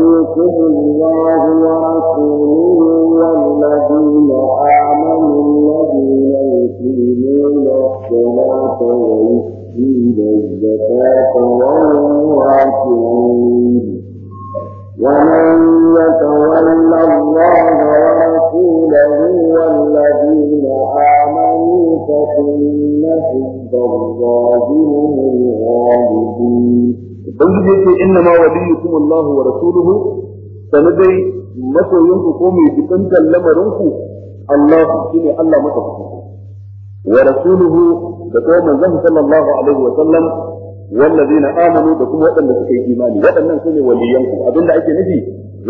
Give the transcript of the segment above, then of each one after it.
يطع الله ورسوله والذين آمنوا ko mai jibantar lamarinku Allah shi ne Allah maka hukunci wa rasuluhu da kuma manzon sallallahu alaihi wa sallam wallazina amanu da kuma waɗanda suka yi imani waɗannan su ne waliyanku abinda ake nufi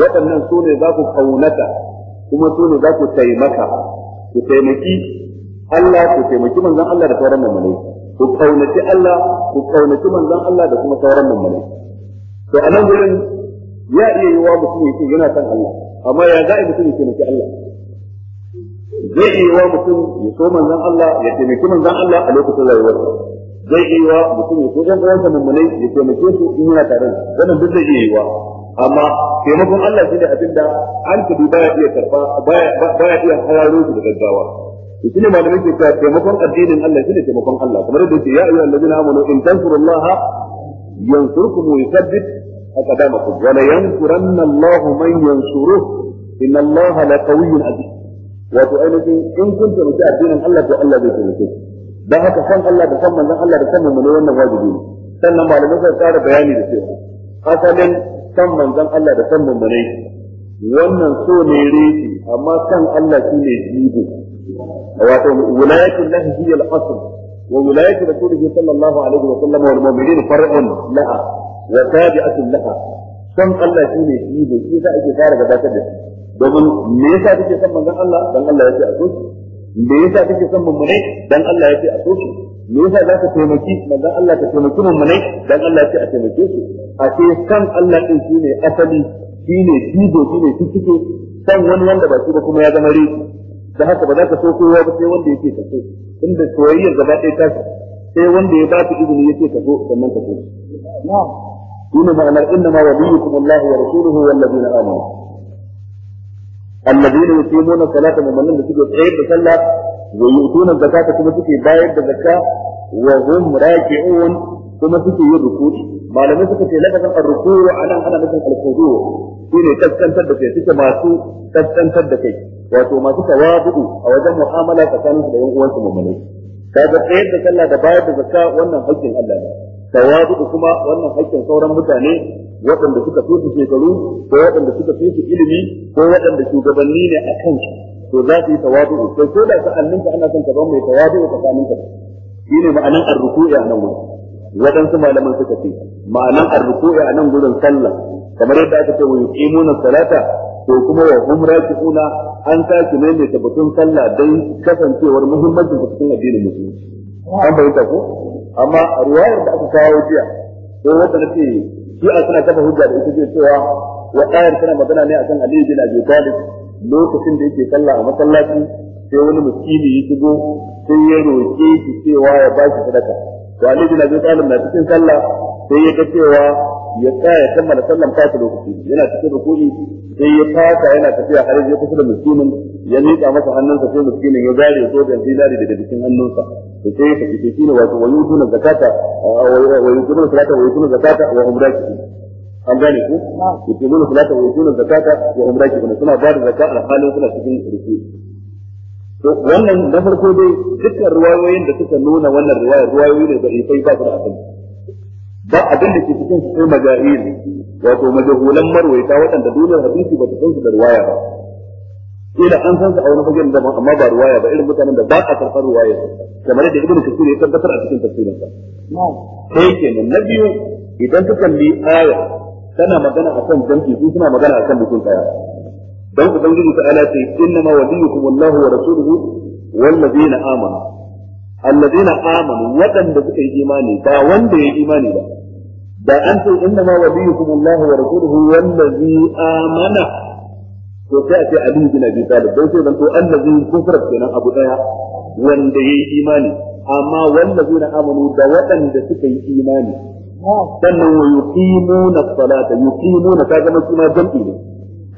waɗannan su ne za ku kaunata kuma su ne za ku taimaka ku taimaki Allah ku taimaki manzon Allah da sauran mummunai ku kaunaci Allah ku kaunaci manzon Allah da kuma sauran mummunai to a nan gurin ya iya yi wa mutum yake yana son Allah amma ya za a mutum ya taimaki Allah zai iya wa mutum ya so manzon Allah ya taimaki manzon Allah a lokacin rayuwarsa zai iya wa mutum ya so ɗan uwansa mummunai ya taimake su in yana tare wannan duk zai iya yi wa amma taimakon Allah shi ne abinda an tabi baya iya karba baya iya hararo su da gaggawa shi ne malamai ke cewa taimakon addinin Allah shi ne taimakon Allah kamar yadda ya yi ayyuhal ladina amanu in tansurullaha yansurkum wa yuthabbit أقدامكم ولينصرن الله من ينصره إن الله لقوي عزيز wato ainihin in kun taimaki addinin Allah to Allah zai taimake ku dan haka san Allah da san manzon Allah da san mun wannan wajibi ne sannan malamai sai tsara bayani da cewa asalin san manzon Allah da san mun wannan so ne reji amma san Allah shine jibo wato wilayatul lahi hiya al-asl wa wilayatul rasulihi sallallahu alaihi wa sallam wal mu'minin far'un la'a wa tabi'atun laha san Allah shi ne shi ne shi za ake fara gabatar da shi domin me yasa kake san manzon Allah dan Allah ya ce a soki me yasa kake san mummune dan Allah ya ce a soki me yasa za ka taimaki manzon Allah ka taimaki mummune dan Allah ya ce a taimake a ce san Allah din shi ne asali shi ne jigo shi ne wani wanda ba shi kuma ya zama da haka ba za ka so kowa ba sai wanda yake ka inda soyayyar gaba ɗaya ta sai wanda ya ba ta izini yake ka so sannan ka so shine ma'anar innama waliyukum Allah wa rasuluhu wal ladina amanu alladina yuqimuna salata mu'minin da suke tsayar da sallah wa yu'tuna zakata kuma suke bayar da zakka wa hum kuma suke yin ruku'i malamai suka ce lafazin ar-ruku'u anan ana nufin al wato masu tawabu a wajen mu'amala tsakanin da yan uwansu mu'minai kaga tsayar da sallah da bayar da zakka wannan hakkin Allah ne tawadu kuma wannan haƙƙin sauran mutane waɗanda suka fi su shekaru ko waɗanda suka fi su ilimi ko waɗanda shugabanni ne a kan shi, to za su yi tawadu sai ko da sa'anninka ana son ka zama mai tawadu tsakaninka shi ne ma'anan arruku'i a nan wurin waɗansu malaman suka ce ma'anan arruku'i a nan gurin sallah kamar yadda aka ce wa yuqimuna salata to kuma wa hum raki'una an sake ne mai tabbatun sallah dan kasancewar muhimmancin cikin addinin musulunci an bayyana ko amma riwayar da aka kawo jiya ko wanda nake shi a suna kafa hujja da ita ce cewa wa ayar tana magana ne akan Ali bin Abi Talib lokacin da yake sallah a masallaci sai wani miskini ya shigo sai ya roƙe shi cewa ya ba shi sadaka to Ali bin Abi Talib na cikin sallah sai ya ga cewa ya tsaya kammala sallan fata lokaci yana cikin rukuni sai ya fata yana tafiya har ya kusa da miskinin ya miƙa masa hannunsa sai miskinin ya zare da zinari daga jikin hannunsa da sai ya tafi shi ne wato wayu tuna zakata wayu tuna salata wayu tuna zakata wa umra ki an gane ku yake nuna salata wayu tuna zakata wa umra ki suna ba da zakka alhalin suna cikin rufi to wannan na farko dai dukkan ruwayoyin da suka nuna wannan ruwaya ruwayoyi ne da sai ba su da asali ba abin da ke cikin su sai majahili wato majahulan marwaita waɗanda duniyar hadisi ba ta san su da ruwaya ba ila an san su a wani fagen daban amma ba ruwaya ba irin mutanen da ba a karɓar ruwaya kamar da ibnu kasir ya tabbatar a cikin tafsirin sa sai kenan na biyu idan ka kalli aya tana magana akan jam'i su suna magana akan mutum daya dan ubangiji ta ala ce inna ma waliyukum Allahu wa rasuluhu wal ladina amanu alladina amanu wadanda suka yi imani ba wanda ya yi imani ba da an ce inna ma waliyukum Allahu wa rasuluhu wal ladina amana to sai a ce Ali bin Abi Talib dan sai zanto allazi kufra kenan abu daya wanda yayi imani amma wallazina amanu da waɗanda suka yi imani sannan wa yuqimuna as-salata yuqimuna kaga zama kuma jam'i ne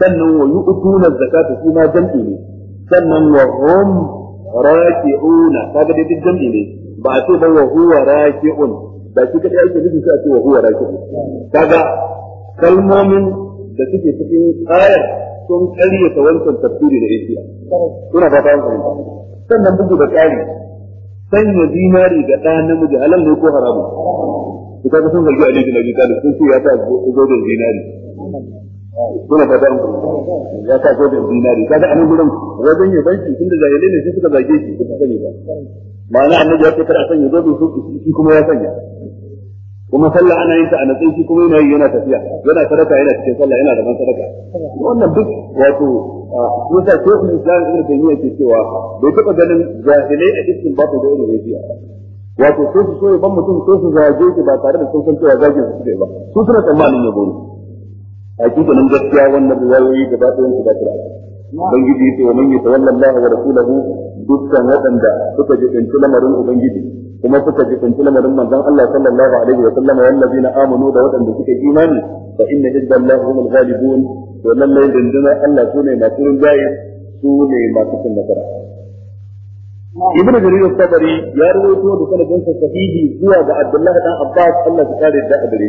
sannan wa yu'tuna zakata kuma jam'i ne sannan wa hum raki'una kaga dai duk jam'i ne ba a ce ba wa huwa raki'un ba shi kada yake nufi sai a ce wa huwa raki'un kaga kalmomin da suke cikin ayar sun karyata wancan tafsiri da yake ba ta fahimta sannan bugu da tsari sanya dinari ga ɗa namiji halal ne ko haramu ku kaga sun zargi Ali bin Abi Talib sun ce ya ta godon dinari kuna fata ta ya ta godon dinari kaga anan gurin wajen ya banki tunda jahilai ne sai suka zage shi ba ma'ana annabi ya ce kar a sanya godon su kuma ya sanya kuma sallah ana yin ta a natsin shi kuma yana yi yana tafiya yana sadaka yana cikin sallah yana da ban sadaka wannan duk wato ko sa ko kuma islam ibn taymiya ke cewa bai taba ganin jahilai a cikin babu da irin yafiya wato ko su so ban mutum ko su zage shi ba tare da sun san cewa zage su ba su suna tsammanin ne gori hakikanin gaskiya wannan riwayoyi gaba ɗayan su ba su ubangiji ya ce wa man yatawalla Allah wa rasulahu dukkan waɗanda suka jibinci lamarin ubangiji kuma suka ji kunci lamarin manzon Allah sallallahu alaihi wa sallam wa allazina amanu da wadanda suka imani fa inna hizballahi humul ghalibun to lallai dindina Allah sune masu rinjaye sune masu cin nasara ibnu jarir al-tabari ya rawaito da sanadin sahihi zuwa ga Abdullah dan Abbas Allah ya kare da adare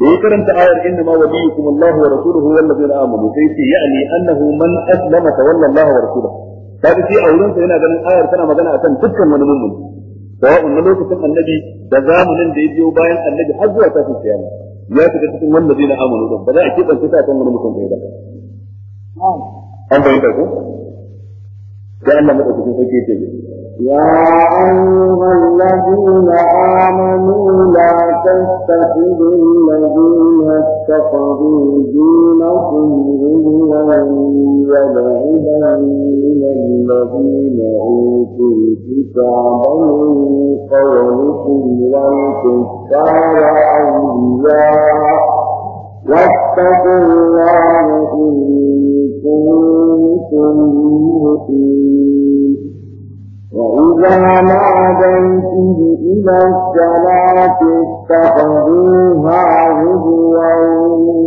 da ya karanta ayar inna ma waliyukum Allah wa rasuluhu wal ladina amanu sai ce yani annahu man aslama tawalla Allah wa rasuluhu kaji shi a wurin sa yana ganin ayar tana magana akan dukkan wani mu'min sawa'un na lokacin annabi da zamanin da ya biyo bayan annabi har zuwa kafin kiyama ya fita cikin wanda zai na amanu ba za a kebance ta kan wani mutum bai ba an bayyana ko sai Allah madaukakin sarki ya ce يا أيها الذين آمنوا لا تتخذوا الذين اتخذوا دينكم غلوا ولعبا من الذين أوتوا الكتاب من قبلكم والكفار أولياء واتقوا الله إن صراط مستقيم وإذا ناديته إلى الصلاة اتخذوها هزوا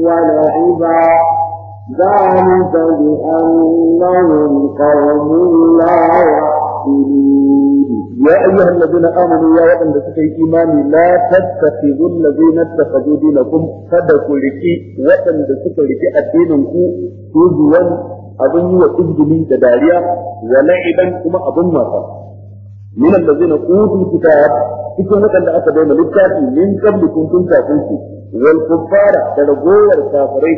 ولعبا ذلك بأنهم قوم لا يعقلون يا أيها الذين آمنوا يا وطن لسكي إيماني لا تتخذوا الذين اتخذوا دينكم فدكوا لكي وطن لسكي لكي أدينكم تجوا أظن وتجدني تداريا ولعبا كما أظن ما من الذين أوتوا الكتاب cikin waɗanda aka bai ma littafi min qablikum kun kafin su wal kuffara da ragowar safarai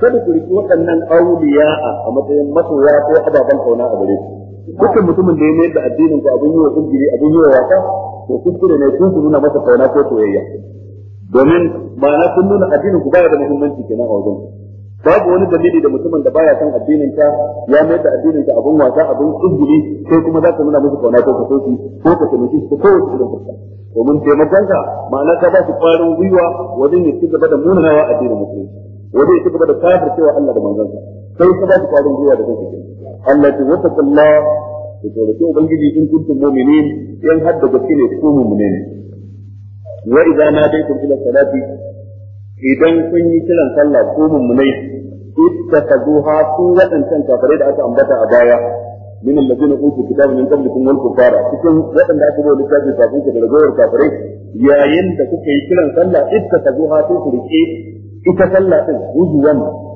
kada ku riki waɗannan auliya a matsayin masoya ababen kauna a gare dukkan mutumin da ya mayar da addinin ka abin yi wa kungiri abin yi wa wasa to kuskure ne kun su nuna masa kauna ko soyayya domin ma'ana kun nuna addinin ku baya da muhimmanci kenan a wajen babu wani dalili da mutumin da baya san addinin ka ya mayar da addinin ka abin wasa abin kungiri sai kuma za ka nuna masa kauna ko soyayya ko ka taimaki ko kowace irin fuska domin taimakonka ma'ana ka ba su kwarin gwiwa wajen ya ci gaba da wa addinin musulunci wajen ya ci gaba da kafir cewa Allah da manzansa sai ka ba su kwarin gwiwa da kanka Allah ta wata kalla da tsorafi ubangiji in kuntum mu'minin in hadda gaske ne ku mu'mine ne wa idza nadaytum ila salati idan kun yi kiran sallah ku mu'minai da aka ambata a baya من الذين اوتوا الكتاب من قبلكم والكفار cikin waɗanda aka bawa littafi kafin ku da ragowar kafirai yayin da kuka yi kiran sallah ita ta zuha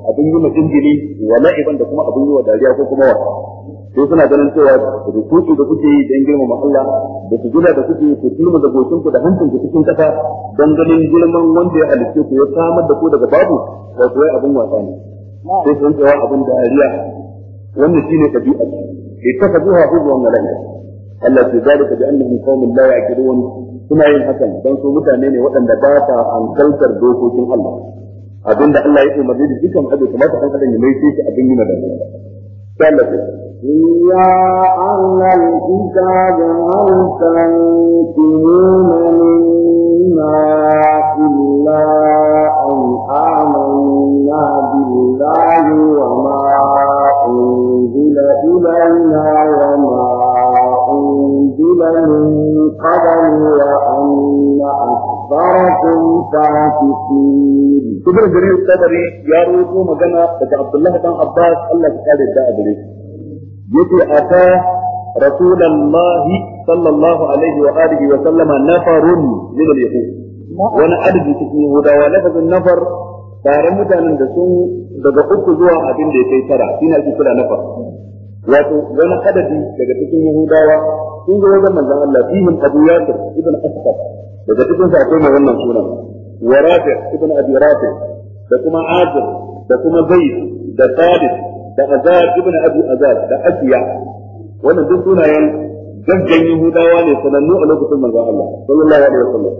abin yi majingiri wa la'iban da kuma abin yi wa dariya ko kuma wa. sai suna ganin cewa rukuki da kuke yi don girmama Allah da su gina da kuke yi ku turma da goshin ku da hancin ku cikin kasa don ganin girman wanda ya halitta ku ya samar da ku daga babu da kuwa abin wasa ne sai sun cewa abin dariya wannan shi shine tabi'a ce ita tabi'a huwan mala'ika Allah ke zalika bi annahum qaumun la wani. suna yin hakan don su mutane ne waɗanda ba ta hankaltar dokokin Allah abin da Allah ya umarni da dukkan abu kamata an adam ya mai shi abin yana da mai. Sallallahu alaihi wa sallam. Ya Allah kika ga hankalin kuma illa an amanna billahi wa ma أنزل إلينا وما أنزل من قبل وأن أكثركم فاسقين ibn jarir tabari ya rawaito magana daga abdullahi dan abbas Allah ya kare da gare shi ata rasulullahi sallallahu alaihi wa alihi wa sallama nafarun min al-yahud wani adadi cikin yahudawa lafazin nafar tare mutanen da sun daga uku zuwa abin da ya kai tara shine ake kira nafar wato wani adadi daga cikin yahudawa sun zo wajen manzon Allah fihim abu yasir ibn asfar daga cikin sa akwai wannan sunan wa rafi' ibn abi rafi' da kuma azib da kuma zaid da khalid da azab ibn abi azab da asiya wannan duk sunayen gaggan yahudawa ne sanannu a lokacin manzon Allah sallallahu alaihi wasallam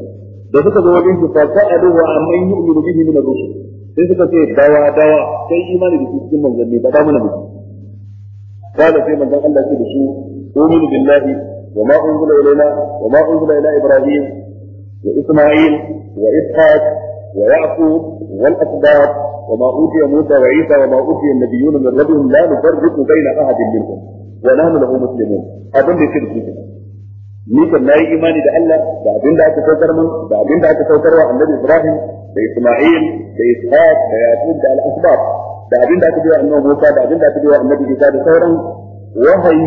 da suka zo wajen shi fa sa'aluhu amman yu'minu bihi min ar-rusul sai suka ce dawa dawa kai imani da cikin manzanni ba da mana mutum kada sai manzon Allah ya ce da wa ma wa ma ibrahim وإسماعيل وإسحاق ويعقوب والأسباط وما أوتي موسى وعيسى وما أوتي النبيون من ربهم لا نفرق بين أحد منهم ونحن له مسلمون هذا من يصير في كده ميك الناي إيماني ده الله ده أبين ده أتسوكر من ده أبين ده أتسوكر النبي إبراهيم ده إسماعيل ده إسحاق ده يعقوب ده الأسباط ده أبين ده أتبيع أنه موسى بعدين أبين ده أتبيع النبي إسحاق ده سورا وهي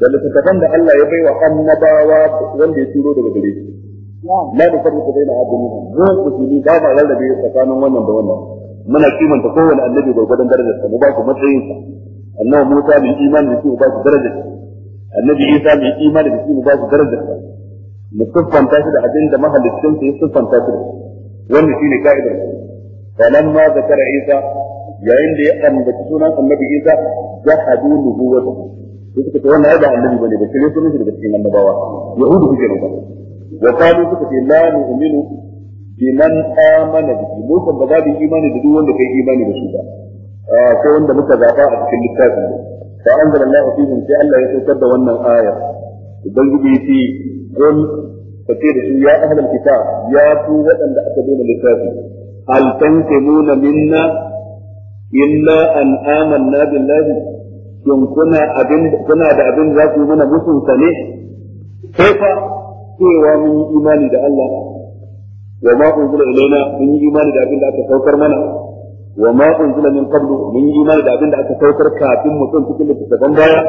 ده اللي تتفن ده الله يبيع وحمد باوات وانده يسيرو ده بدليه la da farko bai na hadin mu musulmi ba ma rarrabe tsakanin wannan da wannan muna kimanta kowanne annabi gurgurdan darajar sa mu ba ku matsayin sa annabi Musa bil iman da shi mu ba ku darajar sa annabi Isa bil iman da shi mu ba ku darajar sa mu siffanta shi da abin da mahallicin sa ya siffanta shi wannan shine ka'idar sa falamma zakara Isa yayin da ya ambaci sunan annabi Isa jahadu nubuwwatahu sai suka ce wannan ai ba annabi bane ba sai sunan shi daga cikin annabawa yahudu kuke nan wa qalu suka ce la nu'minu biman amana bihi mu kan ba za imani da duk wanda kai imani da su ba ko wanda muka zaba a cikin littafin fa anzalallahu fihim sai Allah ya saukar da wannan aya ubangiji yace qul kace da su ya ahlul kitab ya ku waɗanda aka daina littafi hal tanqimuna minna illa an kuna da abinda za yi mana musun ne sai cewa mun yi imani da Allah wa ma unzila ilaina mun yi imani da abin da aka saukar mana wa ma unzila min qablu mun yi imani da abin da aka saukar kafin mutum cikin littattafan baya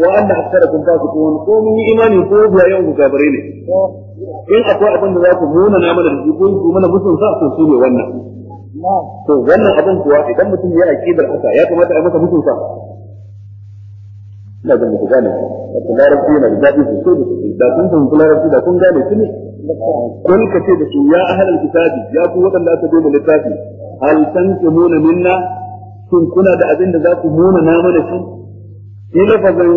wa anna aktharakum fasiqun ko mun yi imani ko ba yau ku gabare ne in akwai abin da za ku muna na mana da shi ko ku mana musun sa to su ne wannan to wannan abin kuwa idan mutum ya aqidar haka ya kamata a masa musun sa ina ga mutum gane kuma larabci da daɗi sosai da sosai da kun fahimci larabci da kun gane su ne kun ka ce da su ya ahlal kitabi ya ku waɗanda aka zo da littafi hal tanqimuna minna shin kuna da abin da za ku nuna na mana shi shi lafazin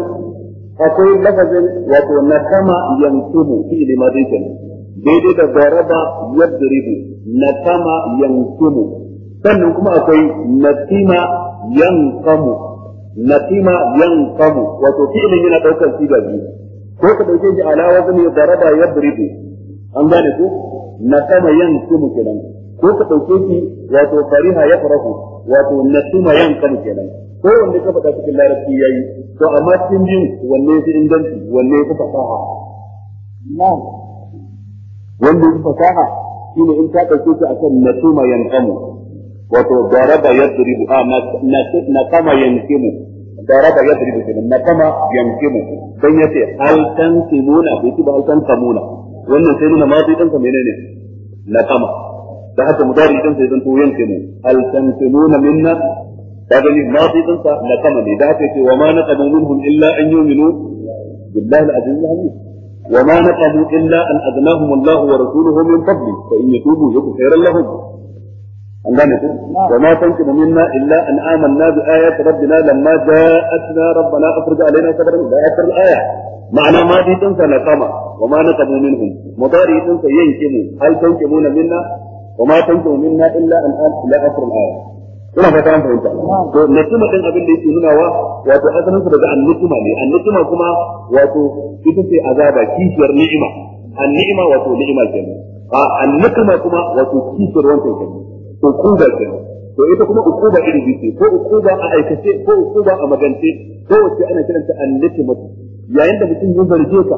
akwai lafazin wato nakama yansubu fi limadin daidai da daraba na kama yansubu sannan kuma akwai nasima yanqamu nasima yanqamu wato fi'ilin yana ɗaukar siga biyu ko ka dauke shi ala wazni daraba yadribu an gane ku na kama yan yankumu kenan ko ka dauke shi wato fariha ya farahu wato na kuma yankumu kenan ko wanne ka faɗa cikin larabci yayi to amma cikin biyu wanne fi inganci wanne fi fasaha na'am wanda fi fasaha shine in ka dauke shi akan na kuma yankumu wato daraba yadribu a na kama yan yankumu ضرب يضرب في النقمة ينكمه بين يتي هل تنكمون بيتي بهل تنكمون وانا سيمنا ما في تنكم من اني نقمة ده حتى مداري تنسي تنكو ينكمه هل تنكمون منا فاجني ما في تنسى نقمة ده وما نقموا منهم إلا أن يؤمنوا بالله العزيز الحميد وما نقموا إلا أن أذناهم الله ورسوله من قبل فإن يتوبوا يكون خيرا لهم an gane ku wa ma tanqimu minna illa an amanna bi ayati rabbina lamma ja'atna rabbana afrij alaina da akhir al-aya ma'ana ma di tansa na kama wa ma naqabu minhum mudari tansa yankimu hal tanqimuna minna wa ina fata an fahimta to nikima din abin da yake nuna wa wato asalin su daga annikima ne annikima kuma wato ita ce azaba kishiyar ni'ima annima wato ni'ima kenan a annikima kuma wato kishiyar wancan kenan ukuba ce to ita kuma ukuba iri ce, ko ukuba a aikace ko ukuba a magance ko wace ana kiranta mutu? yayin da mutum ya zarge ka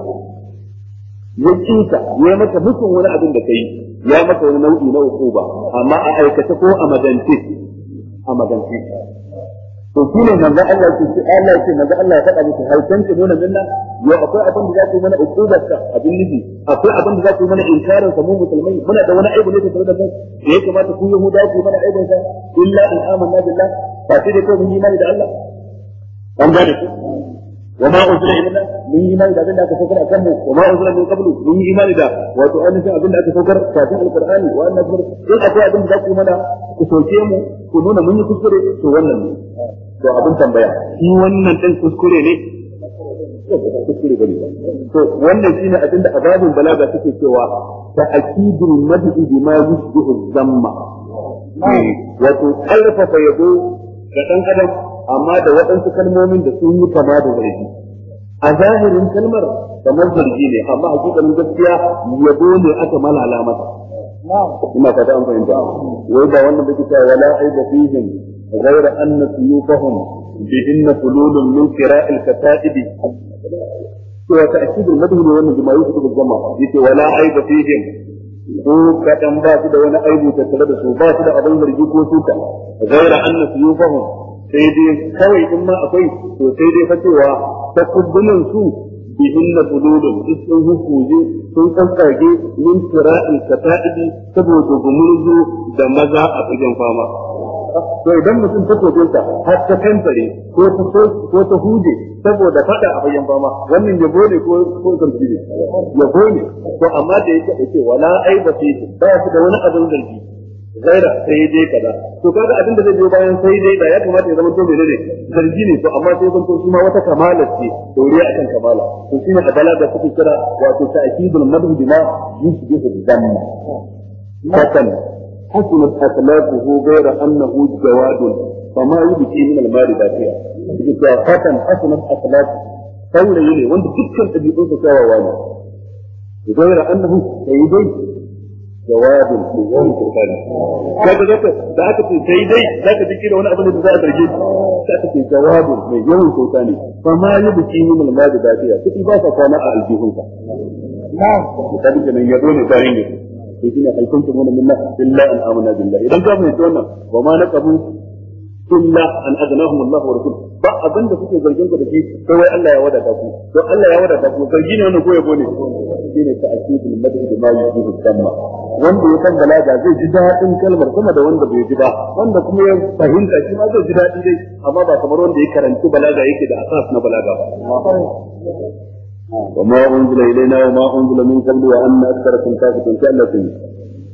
ya kinka ya maka mutum wani abin da kai ya maka wani nau'i na ukuba amma a aikace ko a magance a magance to shi ne manzon Allah ke shi Allah ke manzon Allah ya faɗa muku hal tanke nuna minna yau akwai abin da za ku mana ukubar ka abin nufi akwai abin da za ku mana inkarin sa mu musulmai muna da wani aibu ne tare da mu da ya kamata ku yahudawa ku mana aibun sa illa in amanna billah ba sai dai mun yi imani da Allah an gane ku وما أنزل إلينا من إيمان ذا بنا كفكر أكمه وما أنزل من قبله من إيمان ذا وتؤمن في أبنا كفكر كافي القرآن وأن أكبر إن أكوى أبن ذاك منا كسوكيمه ku nuna mun yi kuskure to wannan ne to abin tambaya shi wannan din kuskure ne kuskure bane ba to wannan shine abinda azabin balaga take cewa ta akidul madhi bima yusbihu zamma eh, wato karfafa yabo da dan adam amma da waɗansu kalmomin da sun yi kama da zargi a zahirin kalmar kamar zargi ne amma hakikalin gaskiya yabo ne aka malala mata ina fata an fahimta wai ba wannan da kita wala aiba fihim ghayra anna suyufahum bihinna fululun min qira'il kataibi to ta akidul madhhab wannan jama'i su gama yace wala aiba ko kadan ba su da wani aibu tattare da su ba su da abin zargi ko suka ghayra anna suyufahum sai dai kawai in ma akwai su bi inna qududun sun hukuje sun kankage min tira'il kata'ibi saboda gumurzu da maza a fagen fama to idan mutum ta koke ta har ta kantare ko ta ko ta huje saboda fada a fagen fama wannan ya bone ko ko zargi ne ya bone to amma da yake da ce wala aiba fi ba su da wani abin zargi gaira sai dai kaza to kaga abin da zai zo bayan sai dai da ya kamata ya zama to menene zargi ne to amma sai san to shi wata kamala ce doriya akan kamala to shi ne adala da suke kira wato ta'kidul madhu bima yusbihu dhanna fatan أخلاقه غير أنه جواد فما يبكي من المال باكيا فتن حسنت أخلاقه ثورة يلي وانت تكتر تبيعون سواء وانا غير أنه سيدي jawabin ko wani kokari kaga zaka da aka ce sai dai zaka ji kira wani abu da za a zarge ka aka ce mai yawan kokari fa ma yubki min al-madi dafiya kudi ba sa kwana a aljihunka na'am da kike nan yado ne tarihi to shine alkuntum min minna illa an billahi idan ka mu wannan wa ma naqabu illa an aznahum Allah rasul ba abin da kuke zargin ku da shi ya wadata ku don Allah ya wadata ku zargi ne wannan ko yabo ne ta akidul madhi da ma wanda ya san balaga zai ji daɗin kalmar kuma da wanda bai ji ba wanda kuma ya fahimta shi ma zai ji daɗi ba kamar wanda ya balaga yake asas na balaga ba وما أنزل إلينا وما أنزل من قبل وأن أكثركم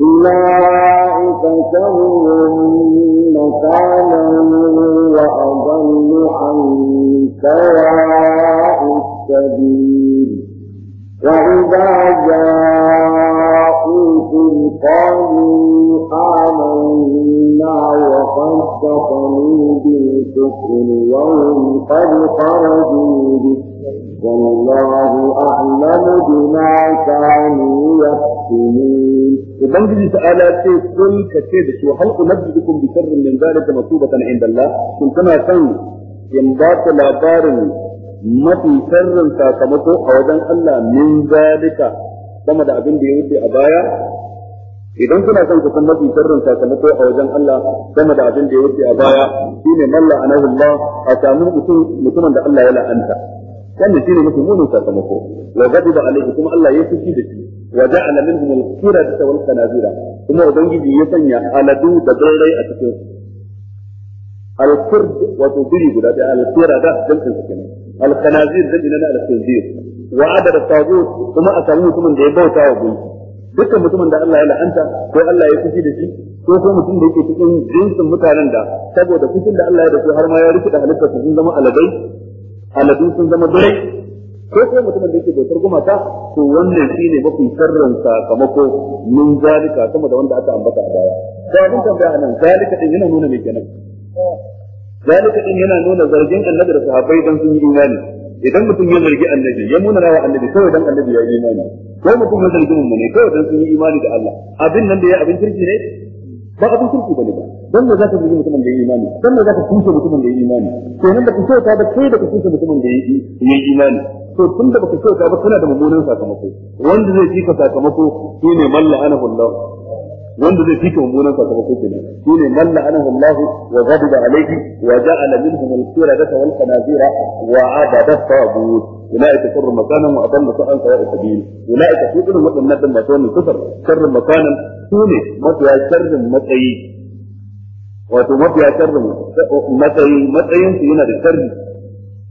أولئك شر مكانا وأضل عن سواء السبيل وإذا جاءوكم قالوا آمنا وقد كفروا بالكفر وهم قد خرجوا به والله أعلم بما كانوا يكتمون ubangiji ta'ala ce kun ka ce da su hal unabbiukum bi sharrin min zalika masubatan inda Allah kun kana san in ba ku labarin mafi sharrin sakamako a wajen Allah min zalika sama da abin da ya wuce a baya idan kuna son ku san mafi sharrin sakamako a wajen Allah sama da abin da ya wuce a baya shine malla anahu Allah a samu mutum mutumin da Allah ya la'anta wannan shine mutum munin sakamako wa gadiba alaihi kuma Allah ya fushi da shi wa ja'ala minhum al-qirada wal qanazira kuma ubangiji ya sanya aladu da birrai a cikin su al-qird wato biri guda da al-qirada dan su kenan al-qanazir da dinan al-qinzir wa adad at-tagut kuma a samu mutumin da ya bauta wa gunki dukkan mutumin da Allah ya la'anta ko Allah ya fushi da shi ko ko mutum da yake cikin jinsin mutanen da saboda fushin da Allah ya da har ma ya rike da halitta sun zama aladu sun zama birai ko sai mutumin da yake bautar ta to wannan shine mafi sharrin sakamako min zalika kuma da wanda aka ambata a baya da abin tambaya nan zalika din yana nuna mai kenan zalika din yana nuna zargin annabi da sahabbai dan sun yi imani idan mutum ya zargi annabi ya nuna rawa annabi kawai dan annabi ya yi imani ko mutum ya zargi mun ne kawai dan sun yi imani da Allah abin nan da ya abin kirki ne ba abin kirki bane ba dan ne zaka zargi mutumin da ya imani dan ne zaka kusa mutumin da ya imani to nan da kusa ta da kai da kusa mutumin da ya yi imani to tun da baka kyauta ba kana da mummunan sakamako wanda zai fika sakamako shine malla anahu Allah wanda zai fika mummunan sakamako kenan shine malla anahu Allah wa ghadiba alayhi wa ja'ala minhum al-qiradata wal qanazira wa abada tagut أولئك شر مكانا وأضل عن سواء السبيل أولئك في إذن وإن ما تون كفر شر مكانا سوني مطيا شر مطعي wato mafiya sharrin matsayi matsayin su yana da sharri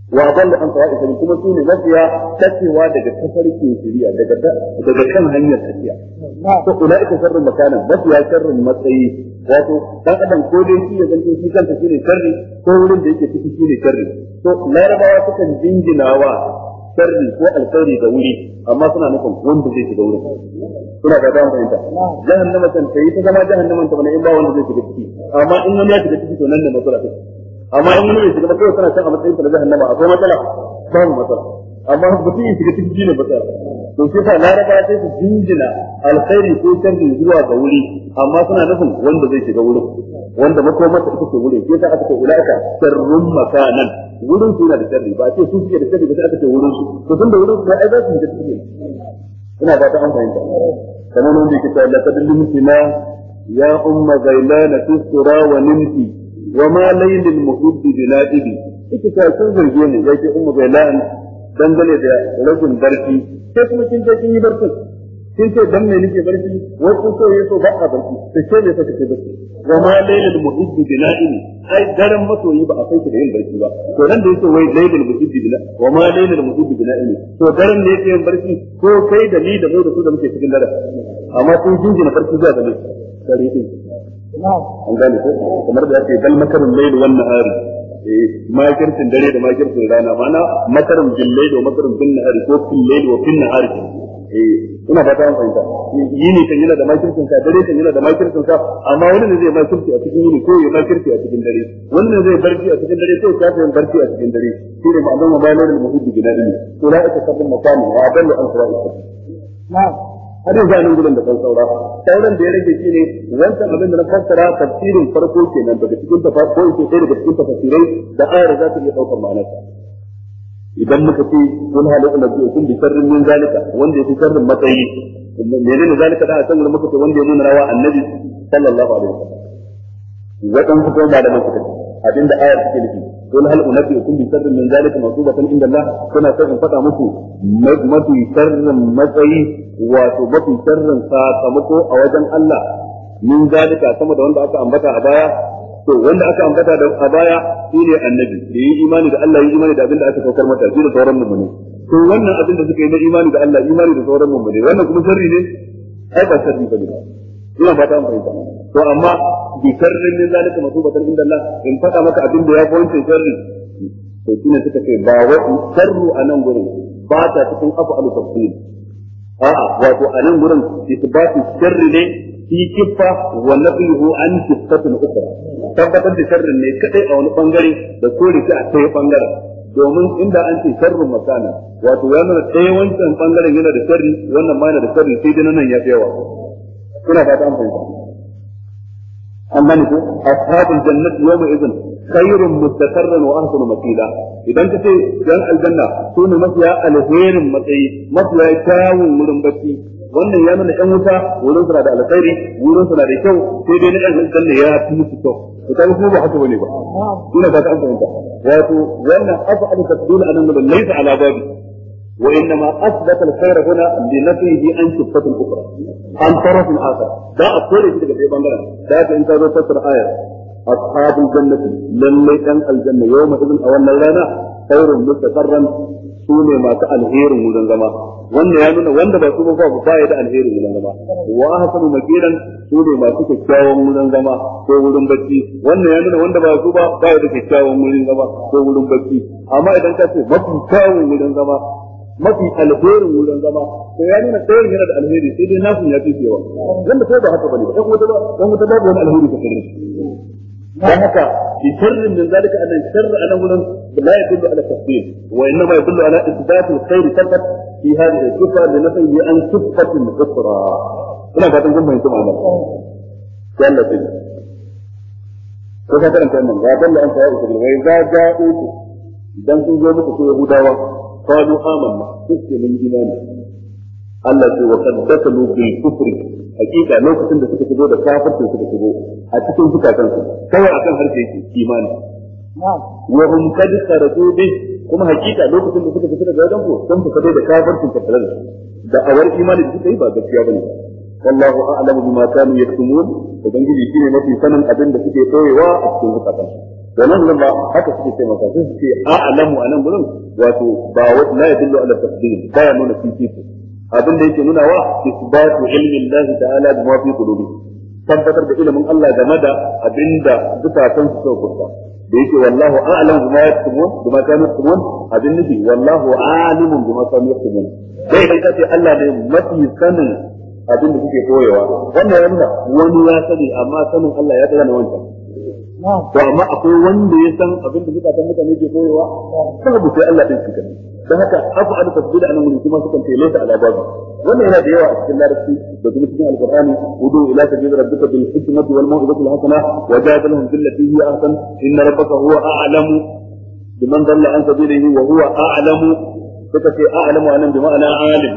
wa ban da an tawa'i sanin kuma shi ne mafiya tacewa daga tafarkin shari'a daga daga kan hanyar tafiya to ulaika sharrun makanan mafiya sharrun matsayi wato dan adam ko dai shi ya zanto shi kanta shine sharri ko wurin da yake ciki shine sharri to larabawa sukan jinginawa sharri ko alkhairi da wuri amma suna nufin wanda zai shiga wurin suna da dama fahimta jahannama kan tayi ta zama jahannaman ta bana in ba wanda zai shiga ciki amma in wani ya shiga ciki to nan ne matsala take amma in wani shiga kawai tana can a matsayin ta na jahannama akwai matsala babu matsala amma mutum ya shiga cikin jinin matsala to shi sa laraba sai su jinjina alkhairi ko sharri zuwa ga wuri amma suna nufin wanda zai shiga wurin wanda makomarsa ita ce wurin sai ta aka ce ulaka sharrun makanan wurin su yana da sharri ba ce su suke da sharri ba sai aka ce wurin su to tun da wurin su ai za su shiga cikin ina ba ta an fahimta kamar wanda yake cewa la tadillu muslima ya umma zailana tusra wa nimti wa ma laylil muhibb biladibi kike ta sun zarge ne yake ummu bailan dangane da rashin barci sai kuma kin ta kin yi barci kin ce dan me nake barci wai kun so yaso ba a barci sai ce ne take barci wa ma laylil muhibb biladibi ai daren masoyi ba a kai ki da yin barci ba to nan da yake wai laylil muhibb biladibi wa ma laylil muhibb biladibi to daren ne yake yin barci ko kai da ni da mu da su da muke cikin daren amma kun jinjina barci zuwa ga ne kare din an gane ko kamar da ake bal makarun layl wan nahari eh makircin dare da makircin rana mana makarun bil layl da makarin bin hari ko fin mai da fil nahari eh ina fata an fahimta yini kan yana da makircin sa dare kan yana da makircin sa amma wani ne zai makirci a cikin yini ko ya makirci a cikin dare wani ne zai barci a cikin dare ko ya tafi barci a cikin dare shi ne ma'anar mabalar al-muhibbi binadini ulaika sabun maqami wa adallu an sawa'is na'am har yanzu anan gudan da kan saura sauran da ya rage shi ne wancan abin da na fassara tafsirin farko kenan daga cikin tafsirai ko yake sai daga cikin tafsirai da ayar za ta iya daukar ma'anarsa idan muka ce kun halin da zuwa kun bi sharrin min zalika wanda yake sharrin matsayi menene zalika da a san da muka ce wanda ya nuna rawa annabi sallallahu alaihi wasallam wadan fito da da muka ce abinda ayar take nufi kun hal unafi kun bi sharrin min zalika masubatan inda Allah kuna son in faɗa muku mafi sharrin matsayi wato mafi sharrin sakamako a wajen Allah min zalika sama da wanda aka ambata a baya to wanda aka ambata da a baya shine annabi da yi imani da Allah yi imani da abinda da aka saukar mata shi da sauran ne. to wannan abin da suka yi na imani da Allah imani da sauran ne. wannan kuma sharri ne ai ba sharri ba ne ina ba ta amfani to amma bi sharrin min zalika masubatan inda Allah in faɗa maka abin da ya fi wancan sharri to shine suka ce ba wa sharru anan nan gurin ba ta cikin afu al-tafsir a'a wato a nan gurin isbatu sharri ne fi kiffa wa nafihu an kiffatin ukra tabbatar da sharrin ne kadai a wani bangare da kore shi a sai bangaren domin inda an ce sharrin makana wato ya nuna ɗaya wancan bangaren yana da sharri wannan ma yana da sharri sai dai nan ya fi yawa kuna fata an fahimta amma ne ko ashabul jannati yawma idhin khairun mustaqarran wa ahsanu masira idan kace yan aljanna sune mafiya alherin matsayi mafiya kyawun wurin wannan ya nuna yan wuta wurin suna da alkhairi wurin suna da kyau sai dai na yan aljanna ya fi musu kyau to kan ku ba haka bane ba ina ba ta an fahimta wato wannan afa'al tasdul anan da laysa ala babi وإنما أثبت الخير هنا لنفيه عن شفة أخرى عن طرف آخر لا أقول لك في بندر لا تنسى تفسر آية ashabul jannati lalle dan aljanna yawma idin a wannan rana khairun mustaqarran su ne masu alherin wurin zama wannan ya nuna wanda ba su ba ba ba da alherin wurin zama wa hasanu makiran su ne masu kyakkyawan wurin zama ko wurin bacci wannan ya nuna wanda ba su ba ba da kyakkyawan wurin zama ko wurin bacci amma idan ka mafi kyawun wurin zama mafi alherin wurin zama to ya nuna tsayin yana da alheri sai dai ya fi wata babu ta dan haka bi sharrin min zalika annan sharr ana gurin la yadullu ala tafdil wa innama yadullu ala isbat al-khair faqat fi hadhihi al-sifa li nafyi an sifatin ukhra ina fatan kun bayyana ma'ana yalla tin ko ka karanta nan ga dalla an sa'a usul wa idza ja'u idan sun zo muku ko yahudawa qalu amanna kuke min imani Allah ce wa kad dakalu bil kufri hakika lokacin da suka shigo da kafirci suka shigo a cikin zukatan su kawai akan harshe yake imani wa hum kad karatu bi kuma hakika lokacin da suka shigo da wajen ku sun fita da kafircin kafiran da awar imani da suka yi ba gaskiya bane wallahu a'lamu bima kanu yaktumun ubangiji shine mafi sanin abin da suke koyewa a cikin zukatan su wannan nan ba haka suke ce maka sai suke a'lamu anan gurin wato ba wa la yadullu ala tafdil ba ya nuna fifiku abin da yake nuna wa isbatu ilmi Allah ta'ala da mafi kulubi tabbatar da ilimin Allah game da abinda zukatan su suka kunta da yake wallahu a'lam bima yaktubun bima kanu yaktubun abin nabi wallahu alimun bima kanu yaktubun dai kai kace Allah ne mafi sanin abin da kuke koyewa wannan yana wani ya sani amma sanin Allah ya tsara wannan wancan to amma akwai wanda ya san abin da zukatan mutane ke koyewa saboda sai Allah din shi kadai da haka af'alu tasbih anan mun kuma sukan ce laysa ala babu wannan yana da yawa a cikin larabci da kuma cikin alqur'ani wudu ila sabili rabbika bil hikmati wal mau'izati al hasana wa jadalhum billati hiya ahsan inna rabbaka huwa a'lamu biman dalla an sabilihi wa huwa a'lamu suka ce a'lamu anan bi ma'ana alim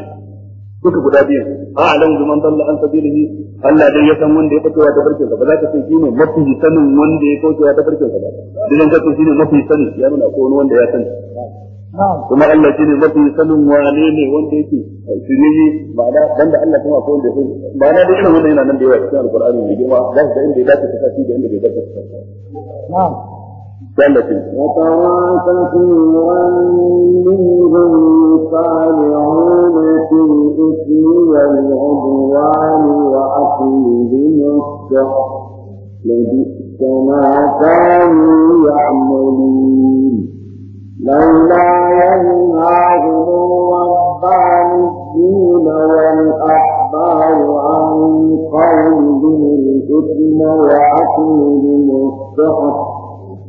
duka guda biyu a'lamu biman dalla an sabilihi Allah dai ya san wanda ya fito da barkin sa ba za ka ce shine mafi sanin wanda ya kauce da barkin sa ba dan ka ce shine mafi sani ya nuna ko wanda ya sani kuma Allah shine mafi sanin wane ne wanda yake shirye ma'ana banda Allah kuma akwai wanda yake ma'ana da irin wannan yana nan da yawa cikin alqur'ani mai girma ba da inda ya dace tafi da inda bai dace tafi na'am كثيرا منهم يسارعون في والعدوان السحر لبئس ما كانوا يعملون لولا ينهاهم الربانيون والأحبار عن قولهم الإثم وأكلهم